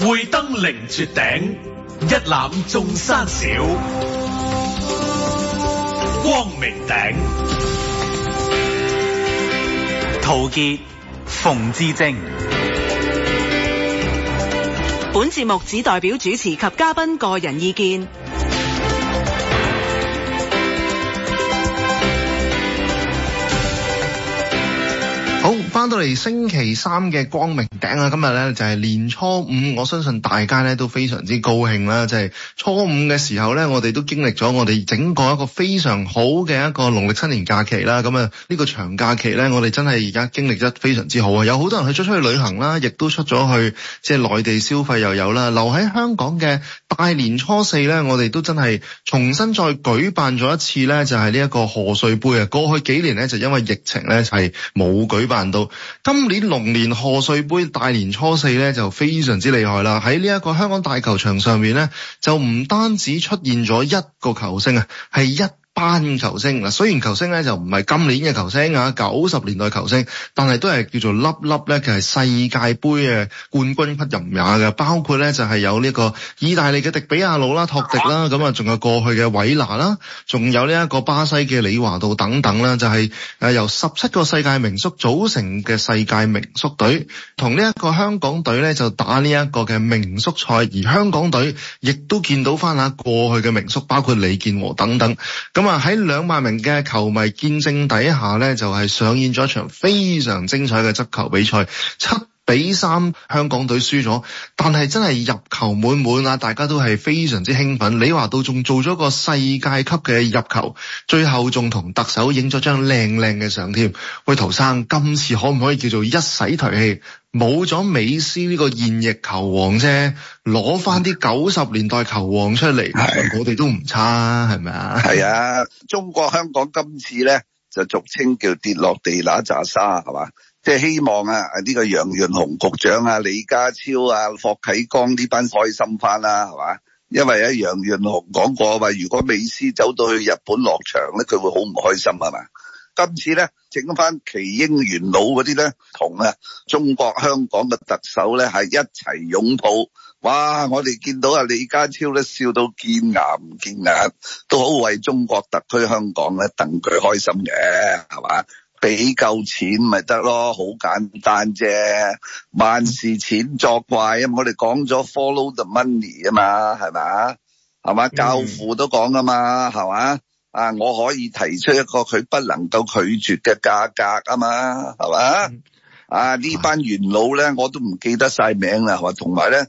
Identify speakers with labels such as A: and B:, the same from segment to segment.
A: 會登凌絕頂，一覽眾山小。光明頂，陶傑、馮智政。本
B: 節目只代表主持及嘉賓個人意見。好。翻到嚟星期三嘅光明頂啊！今日咧就係年初五，我相信大家咧都非常之高興啦。就係初五嘅時候咧，我哋都經歷咗我哋整個一個非常好嘅一個農曆新年假期啦。咁啊，呢個長假期咧，我哋真係而家經歷得非常之好啊！有好多人去出出去旅行啦，亦都出咗去即係內地消費又有啦。留喺香港嘅大年初四咧，我哋都真係重新再舉辦咗一次咧，就係呢一個賀歲杯啊！過去幾年咧，就因為疫情咧就係冇舉辦到。今年龍年賀歲杯大年初四咧就非常之厲害啦！喺呢一個香港大球場上面咧，就唔單止出現咗一個球星啊，係一。球星嗱，雖然球星咧就唔係今年嘅球星啊，九十年代球星，但係都係叫做粒粒咧，就係世界盃嘅冠軍級人物嘅，包括咧就係有呢個意大利嘅迪比亞魯啦、托迪啦，咁啊，仲有過去嘅韋拿啦，仲有呢一個巴西嘅李華道等等啦，就係誒由十七個世界名宿組成嘅世界名宿隊，同呢一個香港隊咧就打呢一個嘅名宿賽，而香港隊亦都見到翻啊過去嘅名宿，包括李健和等等，咁啊。喺兩萬名嘅球迷見證底下咧，就係上演咗一場非常精彩嘅執球比賽。七比三香港隊輸咗，但係真係入球滿滿啊！大家都係非常之興奮。李華道仲做咗個世界級嘅入球，最後仲同特首影咗張靚靚嘅相添。喂，陶生，今次可唔可以叫做一洗頹氣，冇咗美斯呢個現役球王啫，攞翻啲九十年代球王出嚟？係我哋都唔差，係咪啊？係啊，
C: 中國香港今次呢，就俗稱叫跌落地那紮沙，係嘛？是即係希望啊！呢個楊潤雄局長啊、李家超啊、霍啟剛呢班開心翻啦，係嘛？因為啊，楊潤雄講過話，如果美斯走到去日本落場咧，佢會好唔開心，係嘛？今次咧，整翻奇英元老嗰啲咧，同啊中國香港嘅特首咧係一齊擁抱，哇！我哋見到啊李家超咧笑到見牙唔見眼，都好為中國特區香港咧戥佢開心嘅，係嘛？俾夠錢咪得咯，好簡單啫。萬事錢作怪啊，我哋講咗 follow the money 啊嘛，係咪？係嘛，教父都講㗎嘛，係嘛。啊，我可以提出一個佢不能夠拒絕嘅價格啊嘛，係嘛。啊，呢班元老咧，我都唔記得晒名啦，係嘛，同埋咧。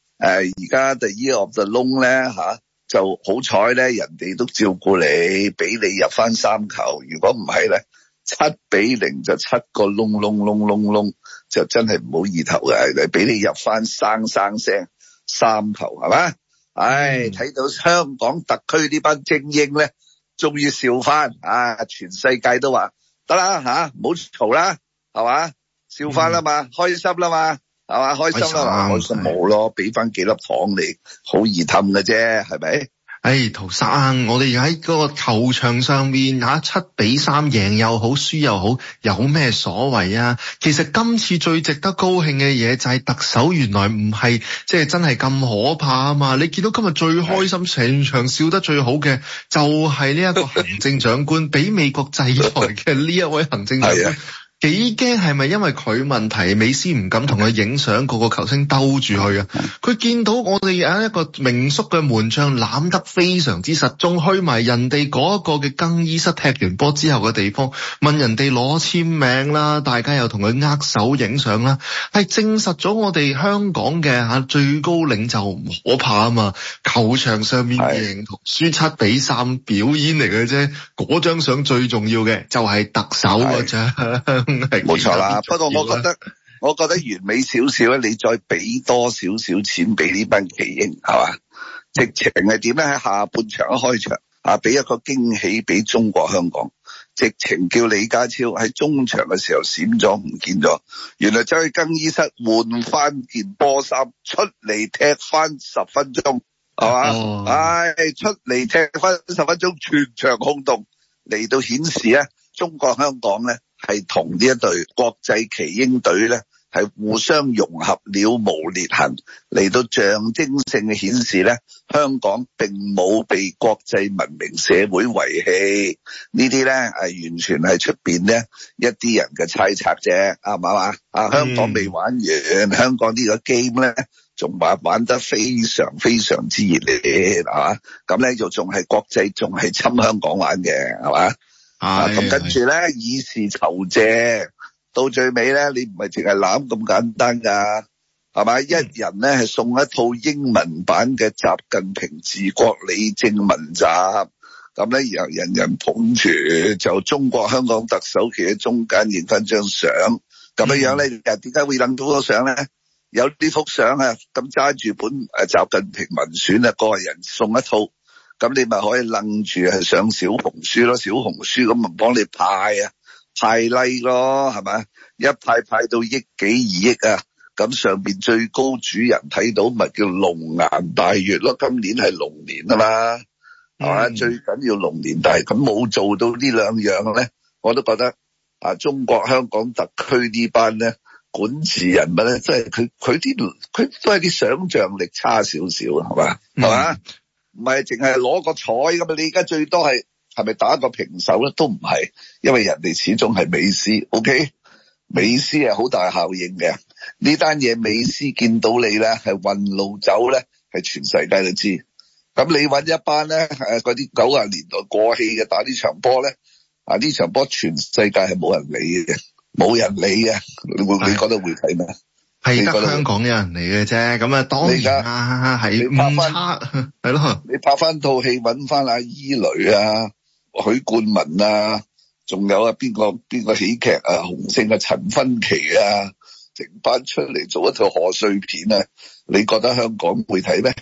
C: 誒、呃，而家第二個就窿咧嚇，就好彩咧，人哋都照顧你，俾你入翻三球。如果唔係咧，七比零就七個窿窿窿窿窿，就真係唔好意頭嘅。俾你入翻生生聲三球，係嘛？唉，睇到香港特區呢班精英咧，終於笑翻啊！全世界都話得啦嚇，唔好嘈啦，係、啊、嘛？笑翻啦嘛，開心啦嘛～係開心啊！開心冇、啊、咯，俾翻幾粒糖你，好易氹嘅啫，係咪？
B: 誒、哎，陶生，我哋喺嗰個球場上面打七比三，贏又好，輸又好，有咩所謂啊？其實今次最值得高興嘅嘢就係特首原來唔係即係真係咁可怕啊嘛！你見到今日最開心、成場笑得最好嘅就係呢一個行政長官， 俾美國制裁嘅呢一位行政長官、啊。幾驚係咪因為佢問題，美斯唔敢同佢影相，個個球星兜住佢啊？佢見到我哋有一個名宿嘅門將攬得非常之實，仲去埋人哋嗰個嘅更衣室，踢完波之後嘅地方，問人哋攞簽名啦，大家又同佢握手影相啦，係證實咗我哋香港嘅吓最高領袖唔可怕啊嘛！球場上面嘅贏同輸七比三表演嚟嘅啫，嗰張相最重要嘅就係特首嗰張。冇錯啦，不過我覺得
C: 我覺得完美少少咧，你再俾多少少錢俾呢班奇英係嘛？是直情係點咧？喺下半場一開場啊，俾一個驚喜俾中國香港，直情叫李家超喺中場嘅時候閃咗唔見咗，原來走去更衣室換翻件波衫，出嚟踢翻十分鐘係嘛？唉、哦哎，出嚟踢翻十分鐘，全場轟動嚟到顯示咧，中國香港咧。係同呢一隊國際奇英隊咧，係互相融合了無裂痕，嚟到象徵性嘅顯示咧，香港並冇被國際文明社會遺棄。這些呢啲咧係完全係出邊咧一啲人嘅猜測啫，係嘛啊？香港未玩完，香港呢個 game 咧，仲話玩得非常非常之熱烈，係嘛？咁咧就仲係國際仲係侵香港玩嘅，係嘛？ 啊，咁跟住咧 以示酬謝，到最尾咧，你唔係淨係攬咁簡單噶，係咪？一人咧係送一套英文版嘅習近平治國理政文集，咁咧然後人人捧住，就中國香港特首企喺中間影翻張相，咁樣呢，咧，又點解會影到嗰相咧？有呢幅相啊，咁揸住本習近平文選啊，個人送一套。咁你咪可以楞住係上小紅書咯，小紅書咁咪幫你派啊，派 like 咯，係咪啊？一派派到億幾二億啊！咁上面最高主人睇到咪叫龍顏大悅咯？今年係龍年啊嘛，係、嗯、嘛？最緊要龍年大，咁冇做到呢兩樣咧，我都覺得啊，中國香港特區班呢班咧，管治人物咧，即係佢佢啲佢都係啲想像力差少少，係嘛？係、嗯、嘛？唔係淨係攞個彩㗎嘛？你而家最多係係咪打個平手咧？都唔係，因為人哋始終係美斯，OK，美斯係好大效應嘅。呢單嘢美斯見到你咧，係運路走咧，係全世界都知。咁你揾一班咧，係嗰啲九十年代過氣嘅打呢場波咧，啊呢場波全世界係冇人理嘅，冇人理嘅。你會你覺得會睇咩？
B: 係香港嘅人嚟嘅啫，咁啊，當然啦，係唔差
C: 係咯。你拍翻套戲，揾翻阿伊雷啊、許冠文啊，仲有啊邊個邊個喜劇啊，紅星啊陳芬奇啊，整班出嚟做一套賀歲片啊？你覺得香港會睇咩？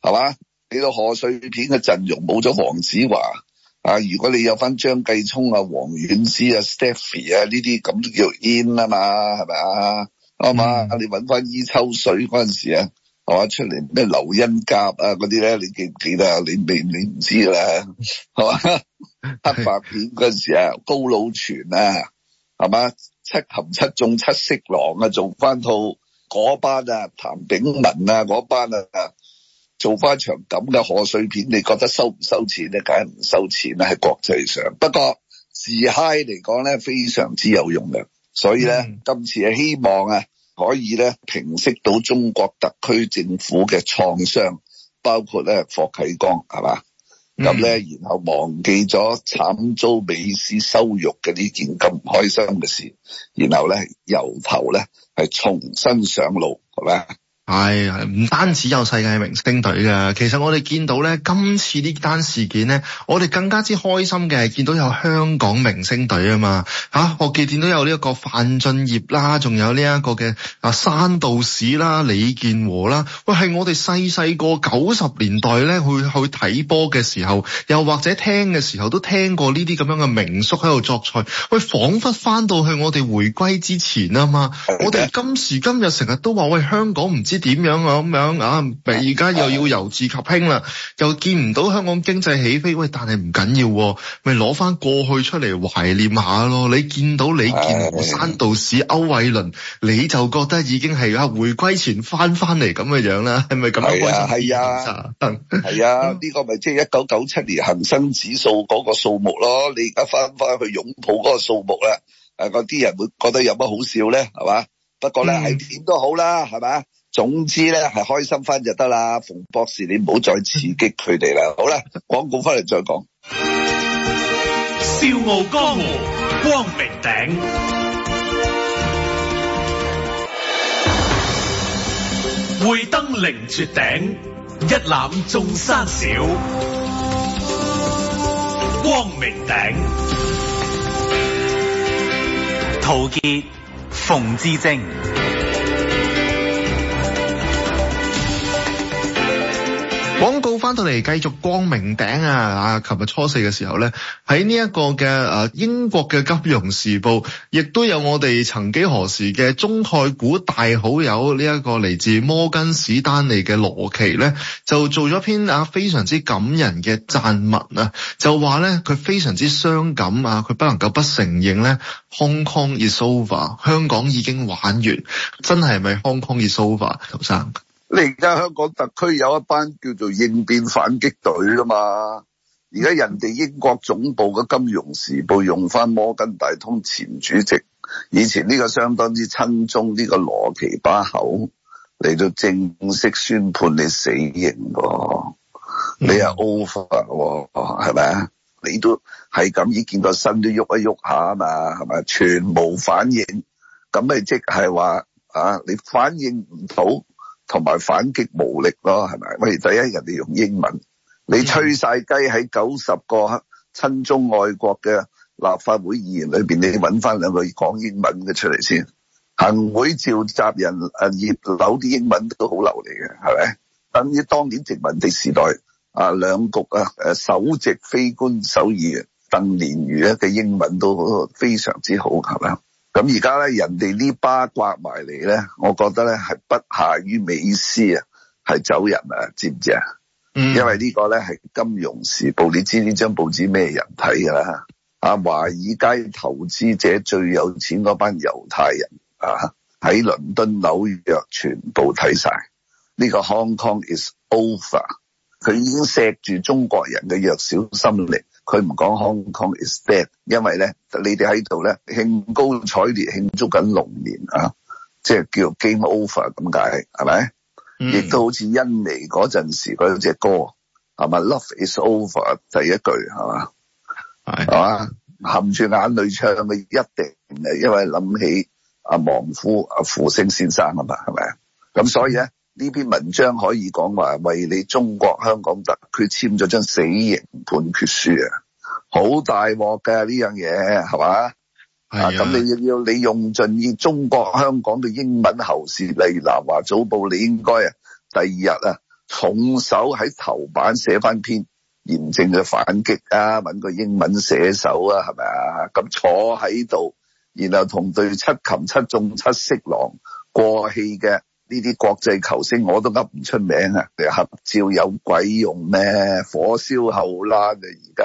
C: 係嘛？你個賀歲片嘅陣容冇咗黃子華啊，啊？如果你有翻張繼聰啊、王菀之啊、Stephy 啊呢啲，咁都叫做 in 啊嘛？係咪啊？好嘛、嗯？你揾翻伊抽水嗰陣時啊，係嘛？出嚟咩劉恩甲啊嗰啲咧？你記唔記得啊？你你你唔知啦，係嘛？黑白片嗰陣時啊，高魯泉啊，係嘛？七擒七縱七色狼啊，做翻套嗰班啊，譚炳文啊嗰班啊，做翻場咁嘅賀歲片，你覺得收唔收錢咧？梗係唔收錢啦，喺國際上。不過自嗨嚟講咧，非常之有用嘅。所以咧、嗯，今次係希望啊，可以咧，平息到中國特區政府嘅創傷，包括咧霍啟剛，係嘛，咁咧、嗯，然後忘記咗慘遭美斯羞辱嘅呢件咁唔開心嘅事，然後咧，由頭咧係重新上路，係咪？
B: 係、哎，唔單止有世界明星隊嘅，其實我哋見到呢，今次呢單事件呢，我哋更加之開心嘅係見到有香港明星隊啊嘛，吓、啊、我見到有呢一個范俊業啦，仲有呢一個嘅啊山道士啦，李健和啦，喂，係我哋細細個九十年代呢，去去睇波嘅時候，又或者聽嘅時候都聽過呢啲咁樣嘅名宿喺度作賽，喂，仿佛翻到去我哋回歸之前啊嘛，okay. 我哋今時今日成日都話喂香港唔知點樣啊？咁樣啊，而家又要由治及興啦，又見唔到香港經濟起飛。喂，但係唔緊要，咪攞翻過去出嚟懷念下咯。你見到你見山度士歐偉倫，你就覺得已經係啊回歸前翻翻嚟咁嘅樣啦，係咪咁啊？係啊，係
C: 啊，呢、 呢個咪即係一九九七年恒生指數嗰個數目咯。你而家翻翻去擁抱嗰個數目啦，誒，嗰啲人會覺得有乜好笑咧？係嘛？不過咧，係點都好啦，係嘛？總之咧，係開心翻就得啦。馮博士，你唔好再刺激佢哋啦。好啦，廣告翻嚟再講。
A: 笑傲江湖，光明頂，會登凌絕頂，一覽眾山小。光明頂，陶傑、馮智政。
B: 廣告翻到嚟，繼續光明頂啊！啊，琴日初四嘅時候咧，喺呢一個嘅英國嘅《金融時報》，亦都有我哋曾幾何時嘅中概股大好友呢一個嚟自摩根史丹利嘅羅奇咧，就做咗篇啊非常之感人嘅讚文啊，就話咧佢非常之傷感啊，佢不能夠不承認咧，Hong Kong is over，香港已經玩完，真係咪 Hong Kong is over，陶生？
C: 你而家香港特區有一班叫做應變反擊隊啦嘛，而家人哋英國總部嘅《金融時報》用翻摩根大通前主席，以前呢個相當之親中呢個羅奇巴口嚟到正式宣判你死刑喎、哦，你係 over 喎，係咪啊？你都係咁，已見到身都喐一喐下啊嘛，係咪全無反應？咁咪即係話啊，你反應唔到。同埋反擊無力咯，係咪？喂，第一人哋用英文，你吹曬雞，喺九十個親中愛國嘅立法會議員裏面，你揾翻兩個講英文嘅出嚟先。行會召集人啊，葉劉啲英文都好流利嘅，係咪？等於當年殖民地時代啊，兩局啊，誒首席非官守議員鄧蓮如咧嘅英文都非常之好，係咪？咁而家咧，人哋呢巴刮埋嚟咧，我覺得咧係不下於美斯啊，係走人啊，知唔知啊、嗯？因為呢個咧係《金融時報》，你知呢張報紙咩人睇㗎啦？啊，華爾街投資者最有錢嗰班猶太人啊，喺倫敦、紐約全部睇曬呢個 Hong Kong is over，佢已經錫住中國人嘅弱小心靈。佢唔講 Hong Kong is dead，因為咧你哋喺度咧興高采烈慶祝緊龍年啊，即係叫 Game Over 咁解，係、嗯、咪？亦都好似恩尼嗰陣時嗰隻歌係咪 Love is Over 第一句係嘛？係嘛？含住眼淚唱咪一定，因為諗起阿、啊、亡夫阿傅、啊、聲先生啊嘛，係咪？咁所以咧。呢篇文章可以講話為你中國香港特區簽咗張死刑判決書啊，好大鑊㗎呢樣嘢係嘛？咁你亦要你用盡以中國香港嘅英文喉舌，例如《南華早報》，你應該啊第二日啊重手喺頭版寫翻篇嚴正嘅反擊啊，揾個英文寫手啊，係咪啊？咁坐喺度，然後同對七擒七縱七色狼過氣嘅。呢啲國際球星我都噏唔出名啊！合照有鬼用咩？火燒後欄啊，而家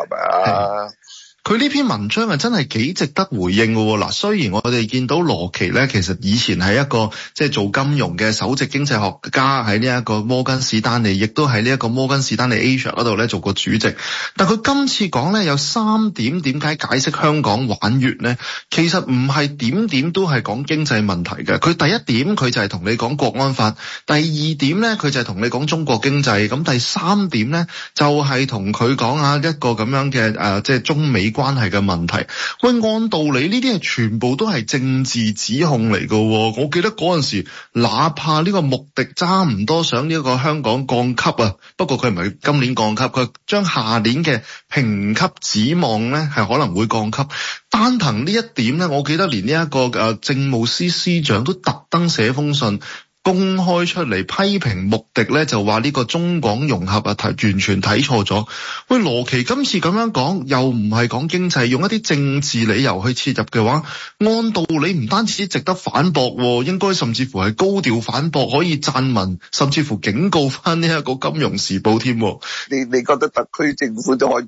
C: 係
B: 咪啊？ 佢呢篇文章啊，真係幾值得回應噶喎。嗱，雖然我哋見到羅奇咧，其實以前係一個即係做金融嘅首席經濟學家，喺呢一個摩根士丹利，亦都喺呢一個摩根士丹利 Asia 度咧做過主席。但佢今次講咧有三點，點解解釋香港玩完咧？其實唔係點點都係講經濟問題嘅。佢第一點佢就係同你講國安法，第二點咧佢就係同你講中國經濟，咁第三點咧就係同佢講下一個咁樣嘅誒、呃，即係中美。關係嘅問題，喂，按道理呢啲係全部都係政治指控嚟㗎。我記得嗰陣時，哪怕呢個穆迪差唔多想呢個香港降級啊，不過佢唔係今年降級，佢將下年嘅評級指望咧係可能會降級。單憑呢一點咧，我記得連呢一個誒政務司司長都特登寫封信。公開出嚟批評目的咧，就話呢個中港融合啊，完全睇錯咗。喂，羅奇今次咁樣講，又唔係講經濟，用一啲政治理由去切入嘅話，按道理唔單止值得反駁，應該甚至乎係高調反駁，可以撰文，甚至乎警告翻呢一個《金融時報》添。你
C: 你覺得特區政府都可以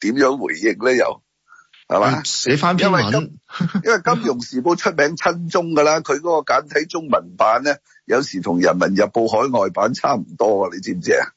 C: 點樣回應咧？又係嘛？寫、嗯、翻篇文，因為金， 因為《金融時報》出名親中噶啦，佢嗰個簡體中文版咧。有時同《人民日報》海外版差唔多啊，你知唔知啊？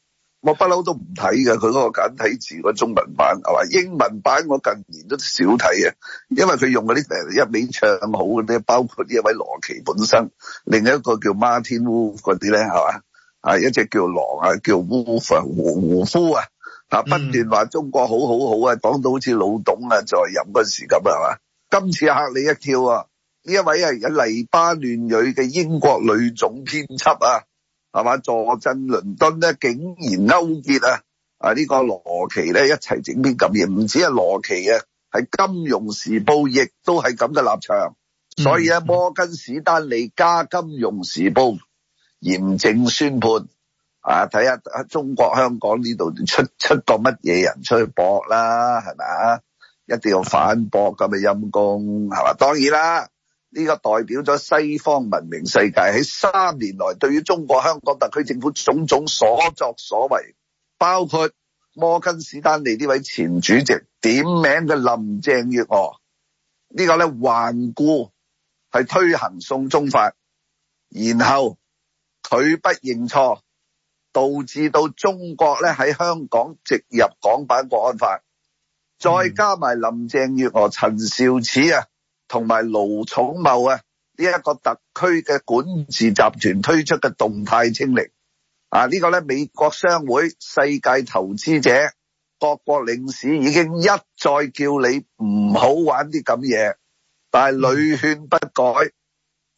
C: 我不嬲都唔睇嘅，佢嗰個簡體字嗰中文版係嘛？英文版我近年都少睇啊，因為佢用嗰啲一味唱好嗰啲，包括呢一位羅奇本身，另一個叫 Martin Wolf 嗰啲咧係嘛？啊，一隻叫狼啊，叫 Wolf，胡，胡夫啊，啊、嗯、不斷話中國好好好啊，講到好似老董啊在任嗰時咁係嘛？今次嚇你一跳啊！呢一位係有黎巴嫩裔嘅英國女總編輯啊，係嘛，坐鎮倫敦咧，竟然勾結啊啊、這個、羅呢個羅奇咧一齊整啲咁嘢，唔止係羅奇啊，喺《金融時報》亦都係咁嘅立場。所以咧、啊，摩根史丹利加《金融時報》嚴正宣判啊！睇下中國香港呢度出出個乜嘢人出去搏啦，係咪啊？一定要反駁咁嘅陰公係嘛？當然啦。呢、這個代表咗西方文明世界喺三年來對於中國香港特區政府種種所作所為，包括摩根士丹利呢位前主席點名嘅林鄭月娥，這個、呢個咧頑固係推行送中法，然後佢不認錯，導致到中國咧喺香港植入港版國安法，再加埋林鄭月娥、陳肇始啊！同埋盧寵茂啊，呢、這、一個特區嘅管治集團推出嘅動態清零啊，這個、呢個咧美國商會、世界投資者、各國領事已經一再叫你唔好玩啲咁嘢，但係屢勸不改，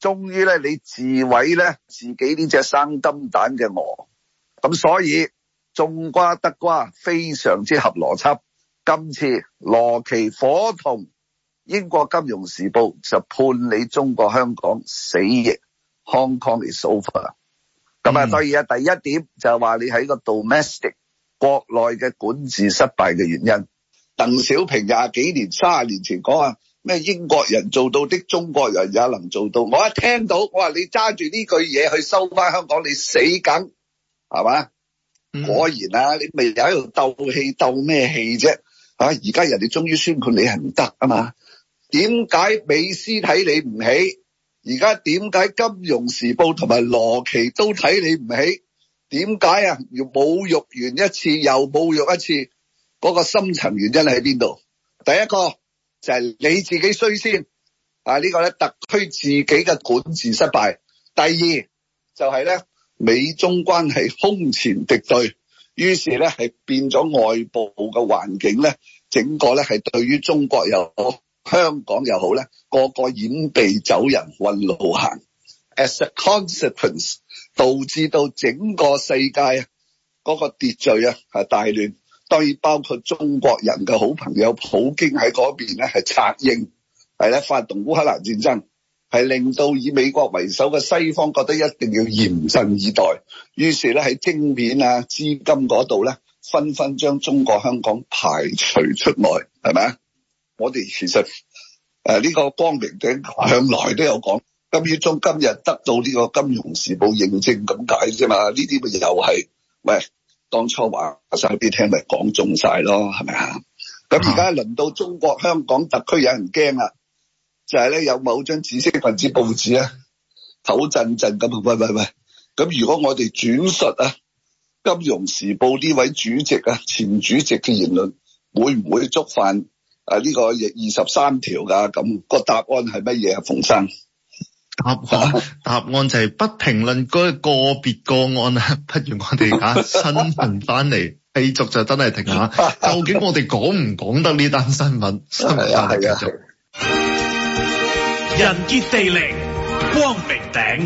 C: 終於咧你自毀咧自己呢隻生金蛋嘅鵝，咁所以種瓜得瓜非常之合邏輯。今次羅奇火同。英國金融時報就判你中國香港死刑，Hong Kong is over、嗯。咁啊，當然啊，第一點就係話你喺個 domestic 國內嘅管治失敗嘅原因。鄧小平廿幾年、卅年前講啊，咩英國人做到的中國人也能做到。我一聽到，我話你揸住呢句嘢去收翻香港，你死梗係嘛？果然呀、啊，你咪喺度鬥氣鬥咩氣啫？啊，而家人哋終於宣判你係唔得啊嘛！點解美斯睇你唔起？而家點解《金融時報》同埋羅奇都睇你唔起？點解啊？要侮辱完一次又侮辱一次，嗰個深層原因喺邊度？第一個就係你自己衰先，啊呢個咧特區自己嘅管治失敗。第二就係咧美中關係空前敵對，於是咧係變咗外部嘅環境咧，整個咧係對於中國又好。香港又好咧，個個掩鼻走人，混路行。As a consequence，導致到整個世界嗰、那個秩序啊係大亂，當然包括中國人嘅好朋友普京喺嗰邊咧係策應，係咧發動烏克蘭戰爭，係令到以美國為首嘅西方覺得一定要嚴陣以待。於是咧喺晶片啊、資金嗰度咧，紛紛將中國香港排除出外，係咪啊？我哋其實誒，呢、啊呢個光明頂向來都有講，今月中今日得到呢個金融時報認證咁解啫嘛，呢啲咪又係喂當初話晒俾聽咪講中晒咯，係咪啊？咁而家輪到中國香港特區有人驚啦，就係、是、咧有某張紫色份子報紙啊，抖震震咁，喂喂喂，咁如果我哋轉述啊，金融時報呢位主席啊前主席嘅言論，會唔會觸犯？啊！呢、這個二十三條噶咁個答案係乜嘢啊？馮生，
B: 答案 答案就係不評論個個別個案，不如我哋揀新聞翻嚟繼續就真係停下。 究竟我哋講唔講得呢單新聞新聞壓力啊？
A: 人傑地靈，光明頂。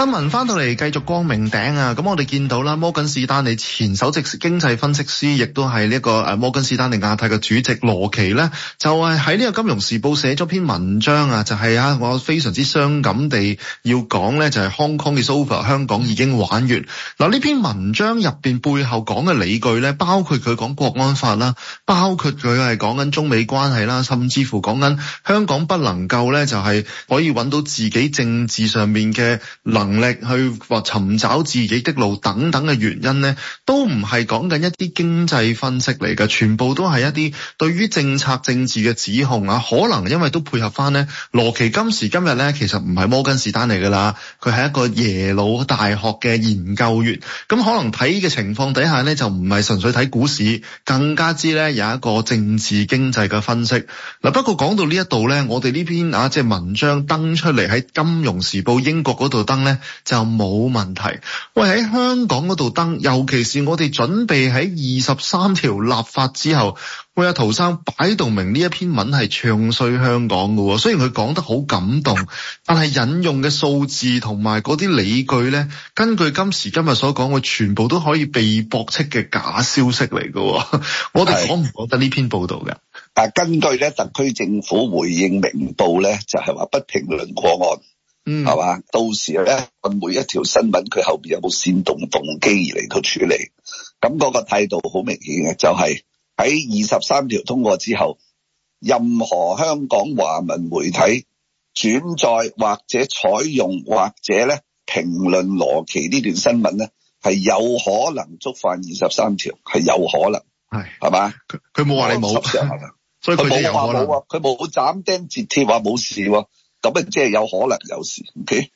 A: 新聞翻到嚟繼
B: 續光明頂啊！咁我哋見到啦，摩根士丹利前首席經濟分析師，亦都係呢一個誒摩根士丹利亞太嘅主席羅奇咧，就係喺呢個《金融時報》寫咗篇文章啊！就係啊，我非常之傷感地要講咧，就係 Hong Kong is over，香港已經玩完嗱。呢篇文章入面背後講嘅理據咧，包括佢講國安法啦，包括佢係講緊中美關係啦，甚至乎講緊香港不能夠咧就係可以揾到自己政治上面嘅能能力去話尋找自己的路等等嘅原因呢，都唔係講緊一啲經濟分析嚟嘅，全部都係一啲對於政策政治嘅指控啊。可能因為都配合翻呢，羅奇今時今日呢，其實唔係摩根士丹利噶啦，佢係一個耶魯大學嘅研究員，咁可能睇嘅情況底下呢，就唔係純粹睇股市，更加之呢有一個政治經濟嘅分析。嗱，不過講到呢一度呢，我哋呢篇啊即係文章登出嚟喺《金融時報》英國嗰度登呢。就冇問題。喂，喺香港嗰度登，尤其是我哋準備喺二十三條立法之後，喂阿陶生擺到明呢一篇文係唱衰香港噶喎。雖然佢講得好感動，但係引用嘅數字同埋嗰啲理據咧，根據今時今日所講，我全部都可以被駁斥嘅假消息嚟噶。我哋講唔講得呢篇報道嘅？
C: 但係根據咧，特區政府回應明報咧，就係話不評論個案。是嗯，係嘛？到時咧，每一條新聞佢後邊有冇煽動動機而嚟到處理？咁、那、嗰個態度好明顯嘅，就係喺二十三條通過之後，任何香港華文媒體轉載或者採用或者咧評論羅奇呢段新聞咧，係有可能觸犯二十三條，係有可能。
B: 係，係嘛？佢冇話你冇插
C: 手，係嘛？佢冇話冇啊，佢冇斬釘截鐵話冇事喎。咁啊，即係有可能有時，O K，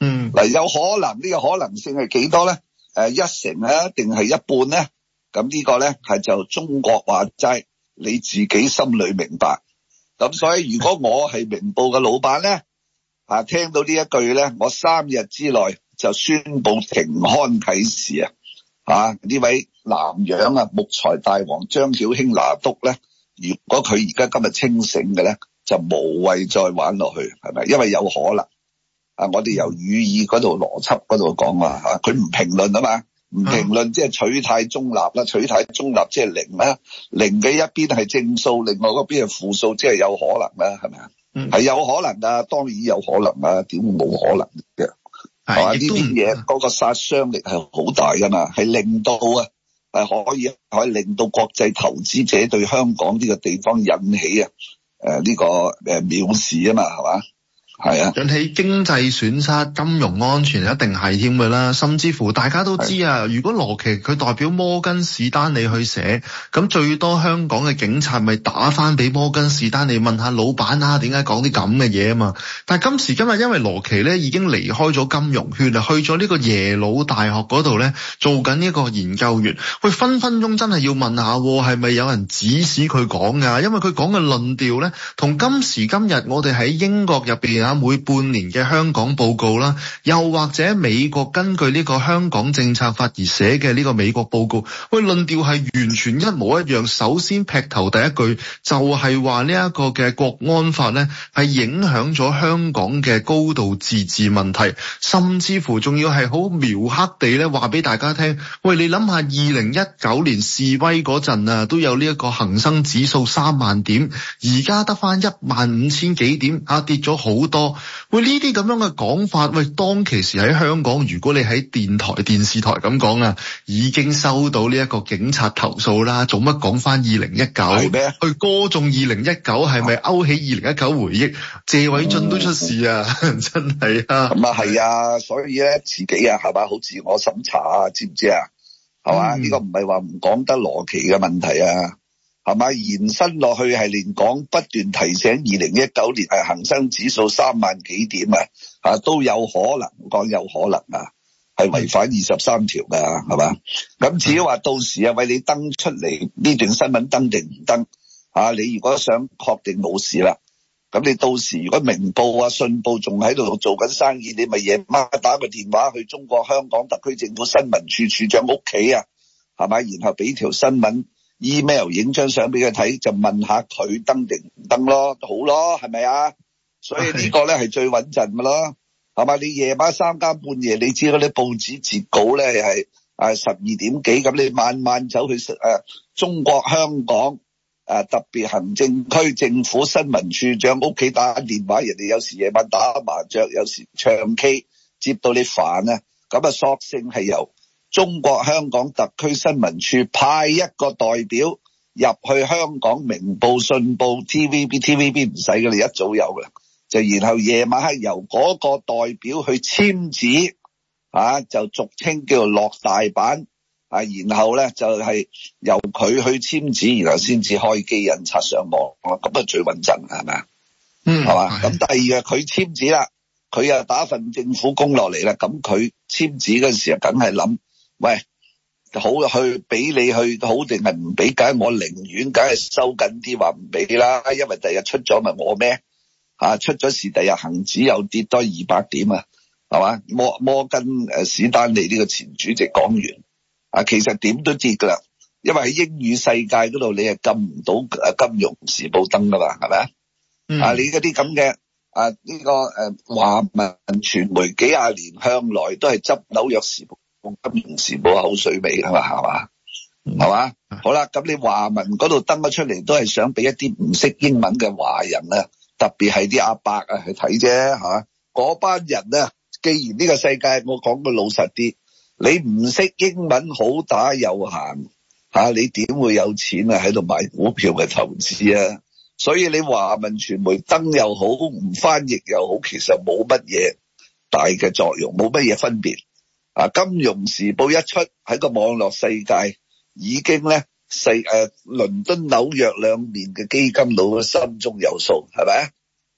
C: 嗯，嗱，有可能呢個可能性係幾多咧？誒，一成啊，定係一半咧？咁呢個咧係就中國話齋，你自己心裏明白。咁所以如果我係明報嘅老板咧，啊，聽到呢一句咧，我三日之內就宣布停刊啟事啊！啊，呢位南洋啊木材大王張曉卿拿督咧，如果佢而家今日清醒嘅咧？就無謂再玩落去，係咪？因為有可能啊！我哋由語意嗰度、邏輯嗰度講啊嚇，佢唔評論啊嘛，唔評論即係取態中立啦，嗯，取態中立即係零啦，零嘅一邊係正數，另外嗰邊係負數，即係有可能啦，係咪啊？係，嗯，有可能啊，當然有可能啊，點會冇可能嘅？係嘛？哎呀，呢啲嘢嗰個殺傷力係好大㗎嘛，係令到啊，係可以可以令到國際投資者對香港呢個地方引起啊！誒、呃，呢、這個誒藐視啊
B: 嘛，係嘛？係啊，引起經濟損失、金融安全一定係添㗎啦，甚至乎大家都知啊。如果羅奇佢代表摩根士丹利去寫，咁最多香港嘅警察咪打翻俾摩根士丹利問下老闆啊，點解講啲咁嘅嘢啊嘛？但係今時今日，因為羅奇呢已經離開咗金融圈啊，去咗呢個耶魯大學嗰度呢，做緊呢個研究員，佢分分鐘真係要問下，係咪有人指使佢講㗎？因為佢講嘅論調呢，同今時今日我哋喺英國入邊每半年嘅香港報告啦，又或者美國根據呢個香港政策法而寫嘅呢個美國報告，喂，論調係完全一模一樣。首先劈頭第一句就係話呢一個嘅國安法呢係影響咗香港嘅高度自治問題，甚至乎仲要係好描黑地呢話俾大家聽。喂，你諗下，二零一九年示威嗰陣啊，都有呢一個恒生指數三萬點，而家得返一萬五千幾點，啊，跌咗好多。喂，呢啲咁樣嘅講法，喂，當其時喺香港，如果你喺電台、電視台咁講啊，已經收到呢一個警察投訴啦。做乜講翻二零一九？係咩？去歌頌二零一九，係咪勾起二零一九回憶？啊、謝偉俊都出事啊，嗯、真係、啊。咁啊係啊，所以咧自己啊，係咪
C: 好自我審查啊，知唔知啊？係、嗯、嘛、呢、這個唔係話唔講得羅奇嘅問題啊。係咪延伸落去係連講不斷提醒，二零一九年誒恆生指數三萬幾點啊，啊都有可能講有可能啊，係違反二十三條㗎，係嘛？咁至於話到時啊，為你登出嚟呢段新聞登定唔登啊？你如果想確定冇事啦，咁你到時如果明報啊、信報仲喺度做緊生意，你咪夜晚打個電話去中國香港特區政府新聞處處長屋企啊，係咪？然後俾條新聞。email 影張相俾佢睇，就問下佢登定唔登咯，好咯，係咪啊？所以呢個咧係最穩陣噶咯，係咪？你夜晚三更半夜，你知道啲報紙截稿咧係啊十二點幾，咁你晚晚走去食、啊、中國香港啊特別行政區政府新聞處長屋企打電話，人哋有時夜晚打麻雀，有時唱 K，接到你煩啊，咁啊索性係由。中國香港特區新聞處派一個代表入去香港明報、信報 TVB, TVB、TVB，TVB 唔使嘅，你一早有嘅。就然後夜晚黑由嗰個代表去簽字，啊，就俗稱叫做落大版。啊。然後咧就係、是、由佢去簽字，然後先至開機印刷上網。咁啊最穩陣係咪啊？嗯，係嘛。咁、嗯、第二日佢簽字啦，佢又打份政府工落嚟啦。咁佢簽字嗰時候梗係諗。喂，好去俾你去好定係唔俾？解我寧願梗係收緊啲話唔俾啦，因為第日出咗咪我咩？啊，出咗事第日恒指又跌多二百點啊，係嘛？摩摩根誒史丹利呢個前主席講完啊，其實點都跌㗎，因為喺英語世界嗰度你係禁唔到《金融時報》登㗎嘛，係咪、嗯、啊？你嗰啲咁嘅啊呢、呢個啊華文傳媒幾廿年向來都係執紐約時報。我今時冇口水味啊嘛，係嘛，係、嗯、嘛，好啦，咁、嗯、你華文嗰度登咗出嚟，都係想俾一啲唔識英文嘅華人、啊、人啊，特別係啲阿伯啊去睇啫，吓，嗰班人咧，既然呢個世界我講句老實啲，你唔識英文好打有限吓，你點會有錢啊喺度買股票嘅投資啊？所以你華文傳媒登又好，唔翻譯又好，其實冇乜嘢大嘅作用，冇乜嘢分別。嗱，金融時報一出喺個網絡世界已經咧，世誒倫敦、紐約兩年嘅基金佬心中有數，係咪啊？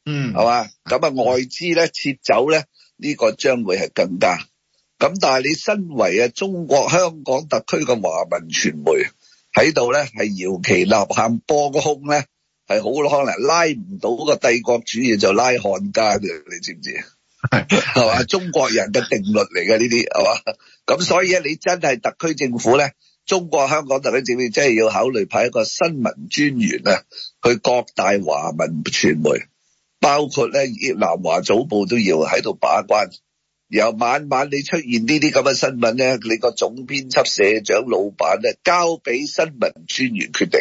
A: 嗯，
C: 係嘛？咁啊，外資咧撤走咧，呢個將會係更加咁。但係你身為一中國香港特區嘅華文傳媒喺度咧，係搖旗吶喊幫兇咧，係好可能拉唔到個帝國主義就拉漢奸嘅，你知唔知啊？係係嘛，中國人嘅定律嚟嘅，呢啲係嘛，咁所以咧，你真係特區政府咧，中國香港特區政府真係要考慮派一個新聞專員啊，去各大華文傳媒，包括咧南華早報都要喺度把關。然後晚晚你出現這些這新聞呢啲咁嘅新聞咧，你個總編輯、社長、老闆咧，交俾新聞專員決定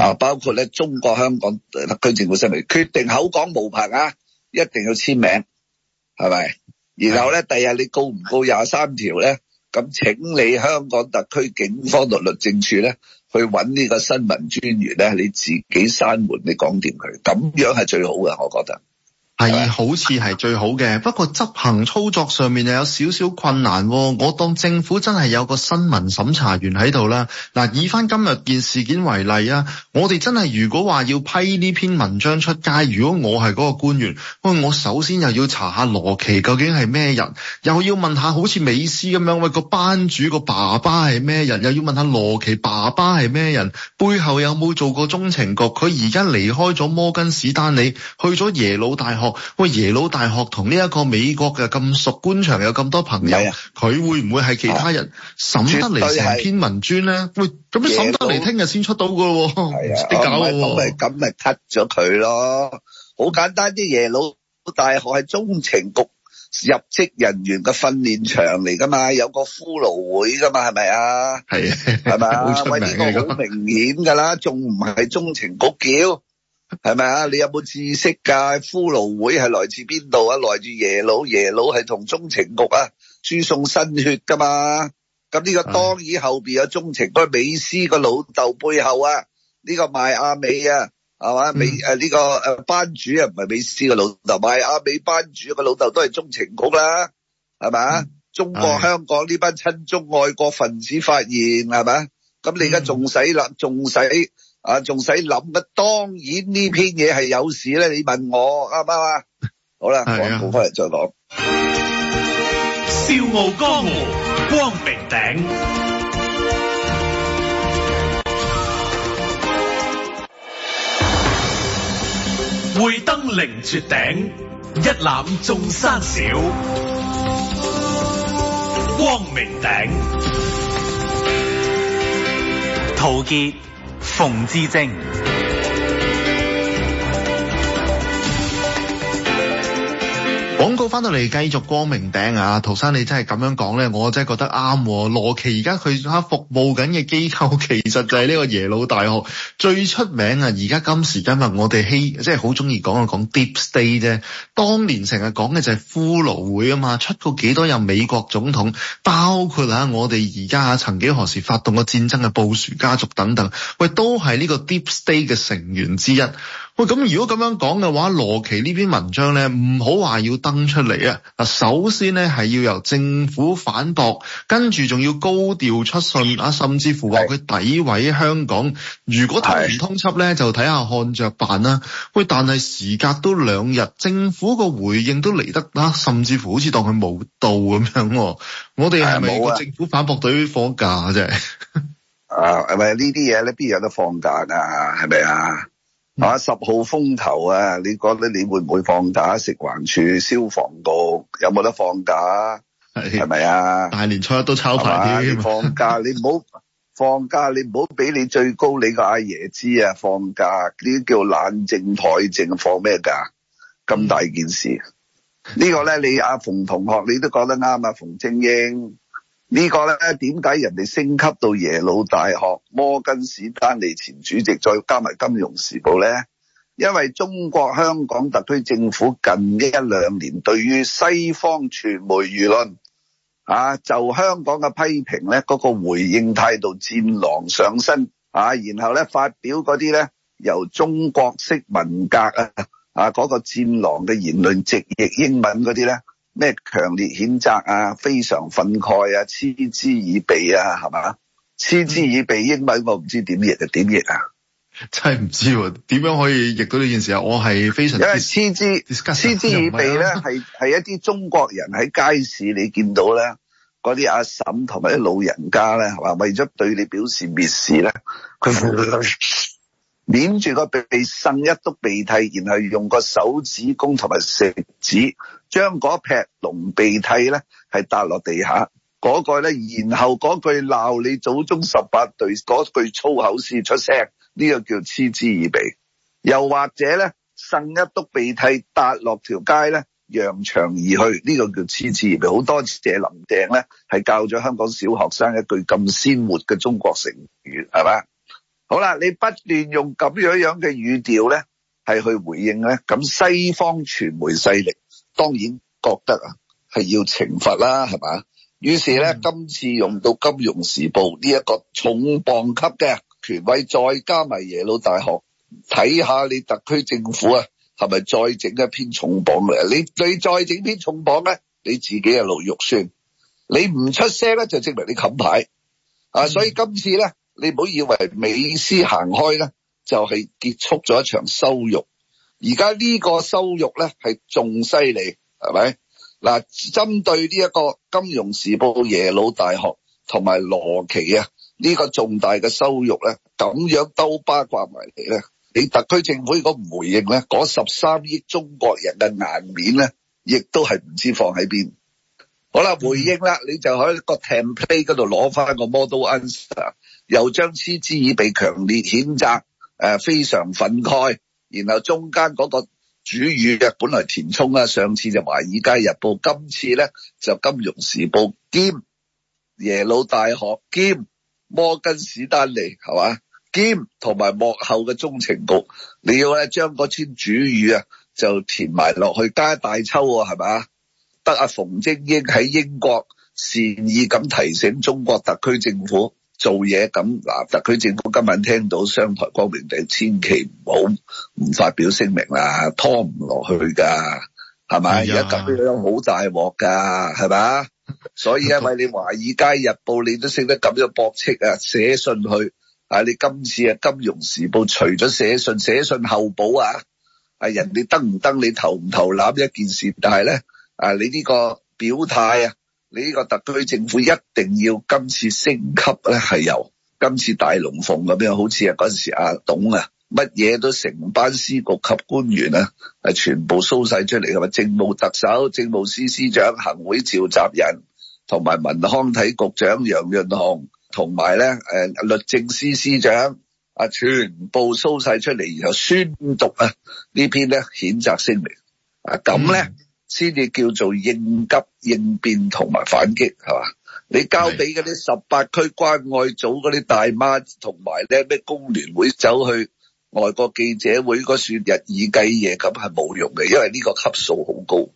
C: 啊、嗯，包括咧中國香港特區政府新聞決定口講無憑啊，一定要簽名。係咪？然後咧，第日你告唔告廿三條咧？咁，請你香港特區警方律律政處咧，去揾呢個新聞專員咧，你自己閂門，你講掂佢，咁樣係最好嘅，我覺得。
B: 係好似係最好嘅，不過執行操作上面又有少少困難喎。我當政府真係有個新聞審查員喺度啦。嗱，以翻今日件事件為例啊，我哋真係如果話要批呢篇文章出街，如果我係嗰個官員，喂，我首先又要查下羅奇究竟係咩人，又要問下好似美斯咁樣喂，個班主個爸爸係咩人，又要問下羅奇爸爸係咩人，背後有冇做過中情局？佢而家離開咗摩根史丹利，去咗耶魯大學。喂，耶魯大學同呢一個美國嘅咁熟官場有咁多朋友，佢、啊、會唔會係其他人審得嚟成篇文章咧、啊？喂，咁你審得嚟，聽日先出到噶咯？係啊，唔係咁咪
C: 咁咪 cut 咗佢咯？好、嗯、簡單啲，耶魯大學係中情局入職人員嘅訓練場嚟噶嘛？有個骷髏會噶嘛？係咪啊？
B: 係啊，係咪？ 喂呢、這個好
C: 明顯噶啦，仲唔係中情局叫？係咪啊？你有冇知識噶？骷髏會係來自邊度啊？來自耶魯，耶魯係同中情局啊，輸送新血噶嘛。咁呢個當然後邊有中情局、嗯、美斯個老豆背後啊，呢、這個賣阿美啊，係嘛、嗯、美誒呢、啊這個誒班主啊，唔係美斯嘅老豆賣阿美班主個老豆都係中情局啦，係嘛、嗯？中國、嗯、香港呢班親中愛國分子發現係嘛？咁你而家仲使啦仲使？嗯啊，仲使諗嘅？當然呢篇嘢係有事咧，你問我啱唔啱啊？好啦，我返嚟再講。
A: 笑傲江湖，光明頂，會登凌絕頂，一覽眾山小。光明頂，陶傑。馮智政。
B: 廣告翻到嚟繼續光明頂啊！陶生你真係咁樣講咧，我真係覺得啱喎、哦。羅奇而家佢服務緊嘅機構，其實就係呢個耶魯大學最出名啊！而家今時今日我，我哋希即係好中意講啊講 Deep State 啫。當年成日講嘅就係骷髏會啊嘛，出過幾多任美國總統，包括嚇我哋而家嚇曾幾何時發動過戰爭嘅布殊家族等等，喂，都係呢個 Deep State 嘅成員之一。喂，咁如果咁樣講嘅話，羅奇呢篇文章咧，唔好話要登出嚟啊！首先咧係要由政府反駁，跟住仲要高調出信啊，甚至乎話佢詆毀香港。如果唔通緝咧，就睇下看着辦啦。喂，但係時隔都兩日，政府個回應都嚟得啦，甚至乎好似當佢冇到咁樣、哦。我哋係咪一個政府反駁隊放假價真、哎、 啊，係咪呢啲嘢咧？必須有得
C: 放假是是啊？係咪啊？啊！十號風頭啊，你覺得你會唔會放假？食環署、消防局有冇得放假？係咪啊？大年
B: 初一都抄牌放假 你
C: 唔好放假，你唔好俾你最高你個阿爺知啊！放假呢啲叫懶政、怠政，放咩假？咁大件事， 這個，呢個咧你阿，啊、馮同學你都講得啱啊！馮智政。呢、呢個呢，點解人哋升級到耶魯大學摩根史丹利前主席，再加埋金融時報呢？因為中國香港特區政府近呢一兩年對於西方傳媒輿論啊，就香港嘅批評呢，嗰個回應態度戰狼上身啊，然後呢發表嗰啲呢，由中國式文革啊啊嗰個戰狼嘅言論直譯英文嗰啲呢。咩？強烈譴責啊！非常憤慨啊！嗤之以鼻啊！係嘛？嗤之以鼻、嗯、英文我唔知點譯啊！點
B: 譯啊？真係唔知喎、啊，點樣可以譯到呢件事啊？我係非常因為嗤之嗤之以鼻咧，
C: 係、啊、係、啊、一啲中國人喺街市你見到咧，嗰啲阿嬸同埋啲老人家咧，話為咗對你表示蔑視咧，佢捻住個鼻鼻擤一督鼻涕，然後用個手指公同埋食指。將嗰一撇龍鼻涕咧，係笪落地下嗰，那個咧，然後嗰句鬧你祖宗十八代嗰句粗口先出聲，呢、這個叫嗤之以鼻。又或者咧，剩一督鼻涕笪落條街咧，揚長而去，呢、這個叫嗤之以鼻。好多謝林鄭咧，係教咗香港小學生一句咁鮮活嘅中國成語，係嘛？好啦，你不斷用咁樣樣嘅語調咧，係去回應咧，咁西方傳媒勢力。當然覺得啊，係要懲罰啦，係嘛？於是咧，今次用到《金融時報》呢一個重磅級嘅權威，再加埋耶魯大學，睇下你特區政府啊，係咪再整一篇重磅嘅？你你再整篇重磅咧，你自己啊，攞肉酸。你唔出聲咧，就證明你冚牌啊！所以今次咧，你唔好以為美斯行開咧，就係結束咗一場羞辱。而家呢個羞辱咧係仲犀利，係咪？嗱，針對呢一個《金融時報》耶魯大學同埋羅奇啊，呢個重大嘅羞辱咧，咁樣兜巴掛埋嚟咧，你特區政府如果唔回應咧，嗰十三億中國人嘅顏面咧，亦都係唔知放喺邊。好啦，回應啦，你就喺一個 template 嗰度攞翻個 model answer，又將私資已被強烈譴責，誒，非常憤慨。然後中間嗰個主語嘅本來填充啦，上次就華爾街日報，今次咧就金融時報，兼耶魯大學，兼摩根史丹利，係嘛？兼同埋幕後嘅中情局，你要咧將嗰串主語啊就填埋落去，加大抽喎，係嘛？得阿馮智政喺英國善意咁提醒中國特區政府。做嘢咁嗱，特區政府今晚聽到商台光明頂，千祈唔好唔發表聲明啦，拖唔落去噶，係咪？而家咁樣好大鑊噶，係嘛？所以啊，因為你華爾街日報，你都識得咁樣駁斥啊，寫信去啊！你今次啊，《金融時報》除咗寫信，寫信後補啊，啊人哋登唔登，你投唔投攬一件事，但係咧啊，你呢個表態啊！你呢個特區政府一定要今次升級咧，係由今次大龍鳳咁樣，好似啊嗰時阿董啊，乜嘢都成班司局級官員啊，係全部蘇晒出嚟，係咪？政務特首、政務司司長、行會召集人同埋文康體局長楊潤雄，同埋咧律政司司長啊，全部蘇晒出嚟，然後宣讀啊篇呢篇咧譴責聲明啊，咁咧。嗯先至叫做應急、應變同埋反擊，係嘛？你交俾嗰啲十八區關愛組嗰啲大媽，同埋咧咩工聯會走去外國記者會嗰算日以繼夜咁係冇用嘅，因為呢個級數好高，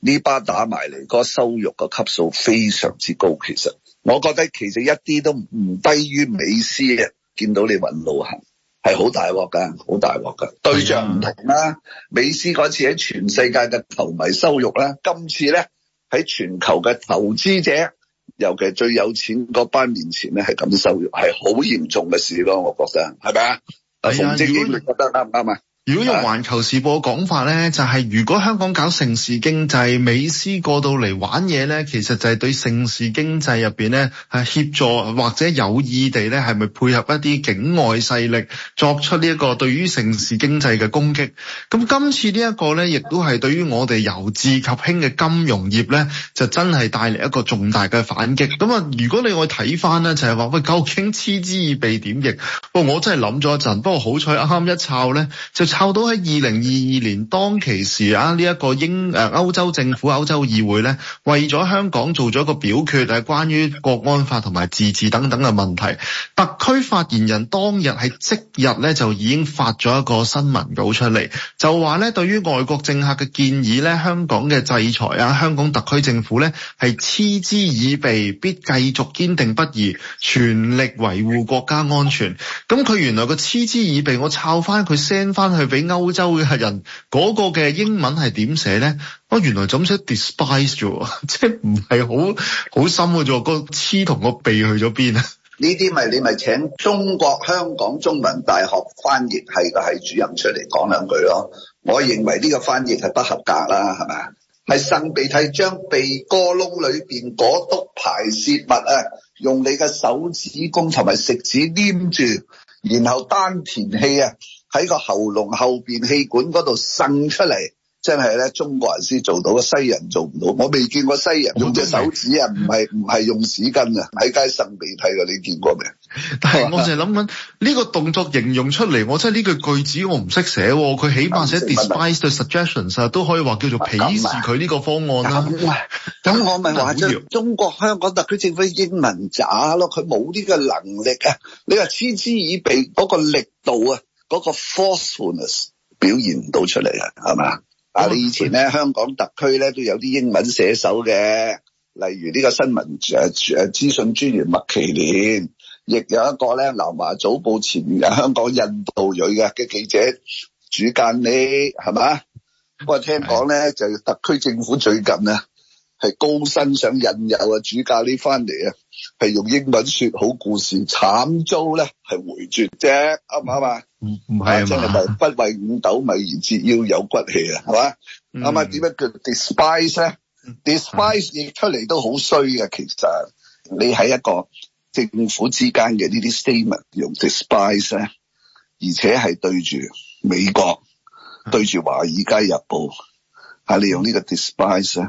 C: 呢班打埋嚟個收入個級數非常之高，其實我覺得其實一啲都唔低於美斯嘅，見到你揾路行。係好大鑊噶，好大鑊噶，對象唔同啦、啊啊。美斯嗰次喺全世界嘅球迷羞辱啦，今次咧喺全球嘅投資者，尤其係最有錢嗰班面前咧，係咁羞辱，係好嚴重嘅事咯、啊。我覺得係咪啊，
B: 啊？馮智政
C: 覺得啱唔啱啊？
B: 如果用環球時報嘅講法咧，就係、是、如果香港搞城市經濟，美斯過到嚟玩嘢咧，其實就係對城市經濟入面咧，協助或者有意地咧，係咪配合一啲境外勢力作出呢一個對於城市經濟嘅攻擊？咁今次這呢一個咧，亦都係對於我哋由治及興嘅金融業咧，就真係帶嚟一個重大嘅反擊。咁啊，如果你我睇翻咧，就係話喂，究竟嗤之以鼻點？不過我真係諗咗一陣，不過好彩啱一摷咧就。靠到喺二零二二年當其時啊，呢、這、一個英誒、呃、歐洲政府、歐洲議會咧，為咗香港做咗個表決誒，關於國安法同埋自治等等嘅問題，特區發言人當日係即日咧，就已經發咗一個新聞稿出嚟，就話咧對於外國政客嘅建議咧，香港嘅制裁啊，香港特區政府咧係嗤之以鼻，必繼續堅定不移，全力維護國家安全。咁佢原來個嗤之以鼻，我抄翻佢 send 翻。佢俾歐洲嘅人嗰、嗰個嘅英文係點寫咧？啊、哦，原來就咁寫 despise 咗，即係唔係好好深嘅啫。個黐同個鼻去咗邊啊？
C: 呢啲咪你咪請中國香港中文大學翻譯系嘅系主任出嚟講兩句咯。我認為呢個翻譯係不合格啦，係咪啊？係擤鼻涕，將鼻哥窿裏邊嗰篤排泄物啊，用你嘅手指公同埋食指黏住，然後丹田氣啊！喺個喉嚨後邊氣管嗰度擤出嚟，真係咧，中國人先做到，西人做唔到。我未見過西人用隻手指啊，唔係唔係用紙巾啊，喺街擤鼻涕噶，你見過未？
B: 但係我淨係諗緊呢個動作形容出嚟，我真係呢句句子我唔識寫。佢起碼寫 despise the suggestions 都可以話叫做鄙視佢呢個方案啦。咁、嗯嗯嗯、我咪話中國香港特區
C: 政府英文渣咯，佢冇呢個能力啊。你話嗤之以鼻嗰、嗰個力度啊！嗰、那個 forcefulness 表現唔到出嚟啦，係嘛？啊、嗯，你以前咧、嗯、香港特區咧都有啲英文寫手嘅，例如呢個新聞、啊啊、資訊專員麥其廉，亦有一個咧南華早報前香港印度裔嘅嘅記者、嗯、主監，你係嘛？不、嗯、過聽講咧就是、特區政府最近啊。係高薪想引誘啊，主教呢翻嚟啊，係用英文說好故事，慘遭咧係回絕啫。啱唔啱啊？唔係真係咪不為五斗米而折腰，有骨氣啊？係嘛？啱唔啱？點解叫 despise 咧？despise 亦出嚟都好衰嘅。其實你喺一個政府之間嘅呢啲 statement 用 despise 咧，而且係對住美國對住華爾街日報，係你用呢個 despise 咧。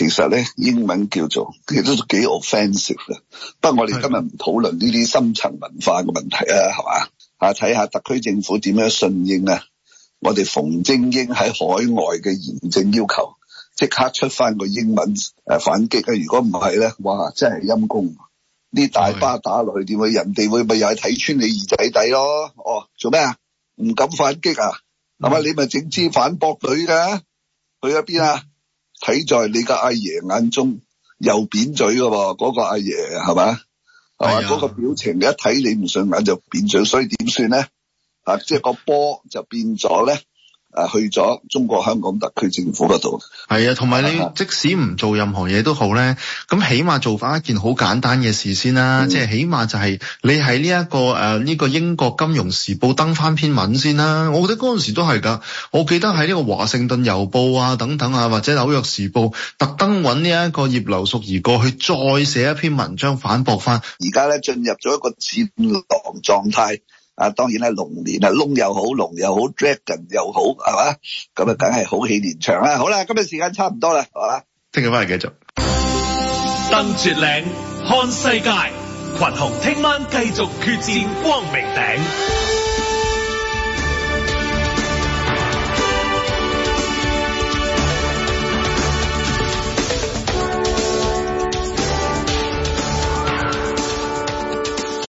C: 其實咧，英文叫做，其實都幾 offensive 嘅。不過我哋今日唔討論呢啲深層文化嘅問題啊，係嘛吓？睇下特區政府點樣順應啊，我哋馮精英喺海外嘅嚴正要求，即刻出翻個英文誒反擊啊！如果唔係咧，哇，真係陰公！呢大巴打落去點啊？人哋會咪又係睇穿你二仔底咯？哦，做咩啊？唔、嗯、敢反擊啊？咁啊，你咪整支反駁隊噶？去咗邊啊？睇在你嘅阿爺眼中又扁嘴噶，啊，嗰、嗰個阿爺係咪？係嘛，嗰個表情一睇你唔順眼就扁嘴，所以點算咧？啊，即係個波就變咗咧。啊！去咗中國香港特區政府
B: 嗰度，係啊，同埋你即使唔做任何嘢都好咧，咁 起碼做翻一件好簡單嘅事先啦、啊嗯，即係起碼就係你喺呢一個誒呢、啊這個英國金融時報登翻篇文先啦、啊。我覺得嗰陣時都係噶，我記得喺呢個華盛頓郵報啊等等啊，或者紐約時報特登揾呢一個葉劉淑儀過去再寫一篇文章反駁翻。
C: 而家咧進入咗一個戰狼狀態。啊，當然咧，龍年啊，窿又好，龍又好，dragon 又好，係嘛？咁啊，梗係好戲連場啦。好啦，
A: 今日時間差
C: 唔多啦，係嘛？聽日翻嚟繼續。
A: 登絕嶺看世界，羣雄聽晚繼續決戰光明頂。